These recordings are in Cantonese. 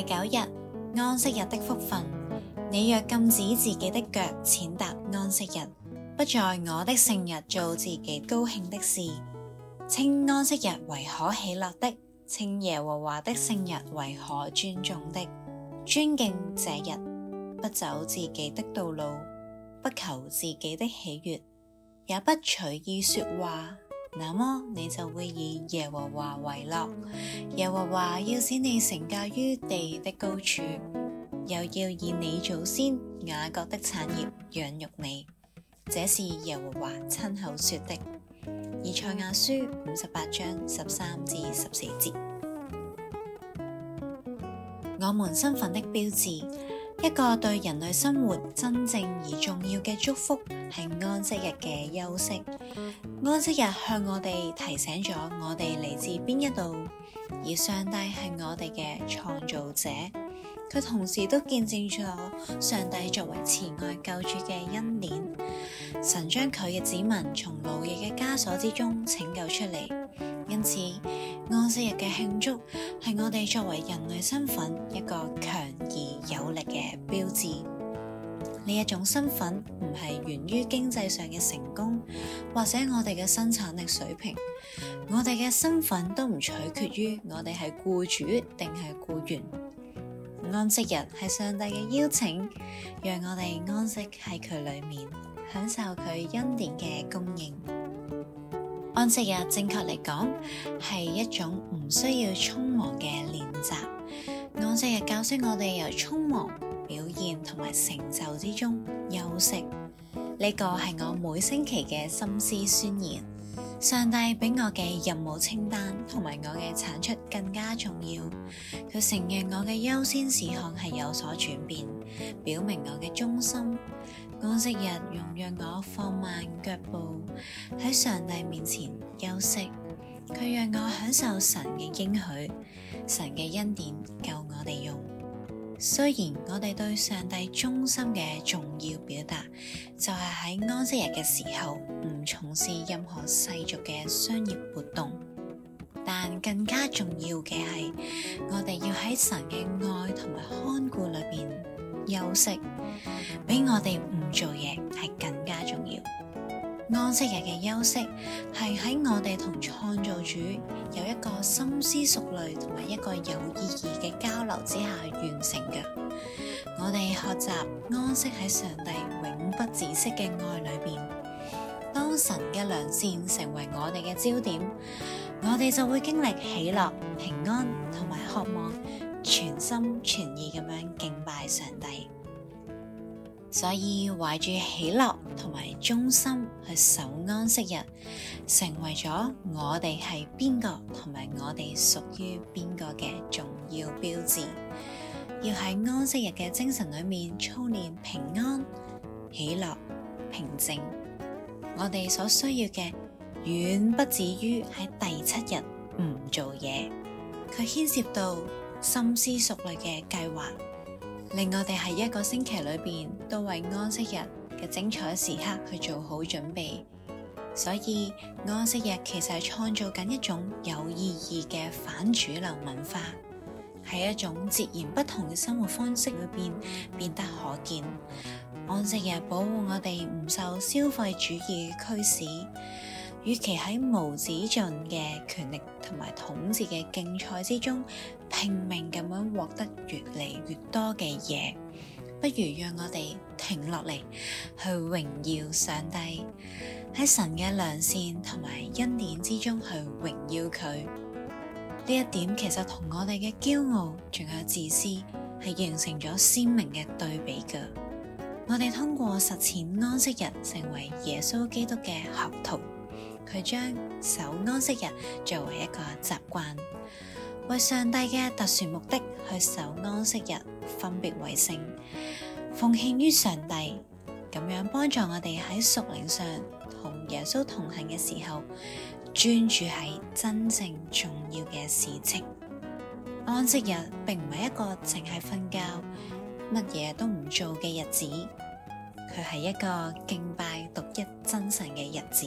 第九日，安息日的福分。你若禁止自己的腳踐踏安息日，不在我的聖日做自己高興的事，稱安息日為可喜樂的，稱耶和華的聖日為可尊重的，尊敬這日，不走自己的道路，不求自己的喜悅，也不隨意說話。那麼你就會以耶和華為樂，耶和華要使你乘駕於地的高處，又要以你祖先雅各的產業養育你，這是耶和華親口說的。以賽亞書五十八章十三至十四節，我們身份的標誌。一個對人類生活真正而重要嘅祝福，係安息日嘅休息。安息日向我哋提醒咗我哋嚟自邊一度，而上帝係我哋嘅創造者。佢同時都見證咗上帝作為慈愛救主嘅恩典。神將佢嘅子民從勞役嘅枷鎖之中拯救出嚟。因此，安息日嘅慶祝係我哋作為人類身份一個強而有力嘅標誌。呢一種身份唔係源於經濟上嘅成功，或者我哋嘅生產力水平。我哋嘅身份都唔取決於我哋係僱主定係僱員。安息日係上帝嘅邀請，讓我哋安息喺佢裏面，享受佢恩典嘅供應。安息日，正確嚟講係一種唔需要匆忙嘅練習。安息日教識我哋由匆忙表現同埋成就之中休息。呢、這個係我每星期嘅心思宣言。上帝俾我嘅任務清單同埋我嘅產出更加重要。佢承認我嘅優先事項係有所轉變，表明我嘅忠心。安息日容讓我放慢腳步，喺上帝面前休息，佢讓我享受神嘅應許，神嘅恩典夠我哋用。雖然我哋對上帝忠心嘅重要表達就係喺安息日嘅時候唔從事任何世俗嘅商業活動，但更加重要嘅係我哋要喺神嘅愛同埋看顧裏面。休息比我哋唔做嘢係更加重要。安息日嘅休息係喺我哋同創造主有一個深思熟慮同埋一個有意義嘅交流之下完成嘅。我哋學習安息喺上帝永不止息嘅愛裏邊。當神嘅良善成為我哋嘅焦點，我哋就會經歷喜樂、平安同埋渴望，全心全意咁樣。上帝，所以懷住喜樂同埋忠心去守安息日，成為咗我哋係邊個同埋我哋屬於邊個嘅重要標誌。要喺安息日嘅精神裏面操練平安、喜樂、平靜。我哋所需要嘅遠不止於喺第七日唔做嘢，佢牽涉到深思熟慮嘅計劃。令我哋喺一個星期裏邊都為安息日嘅精彩時刻去做好準備，所以安息日其實係創造緊一種有意義嘅反主流文化，喺一種截然不同嘅生活方式裏邊變得可見。安息日保護我哋唔受消費主義嘅驅使，與其喺無止盡嘅權力同埋統治嘅競賽之中，拼命咁樣獲得越嚟越多嘅嘢，不如讓我哋停落嚟去榮耀上帝，喺神嘅良善同埋恩典之中去榮耀佢。呢一點其實同我哋嘅驕傲仲有自私係形成咗鮮明嘅對比㗎。我哋通過實踐安息日成為耶穌基督嘅學徒，佢將守安息日作為一個習慣。為上帝嘅特殊目的去守安息日，分別為聖，奉獻於上帝，咁樣幫助我哋喺屬靈上同耶穌同行嘅時候，專注喺真正重要嘅事情。安息日並唔係一個淨係瞓覺、乜嘢都唔做嘅日子，佢係一個敬拜獨一真神嘅日子。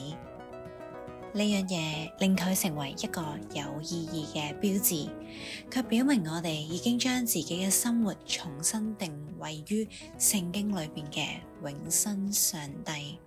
呢樣嘢令佢成為一個有意義嘅標誌，佢表明我哋已經將自己嘅生活重新定位於聖經裏面嘅永生上帝。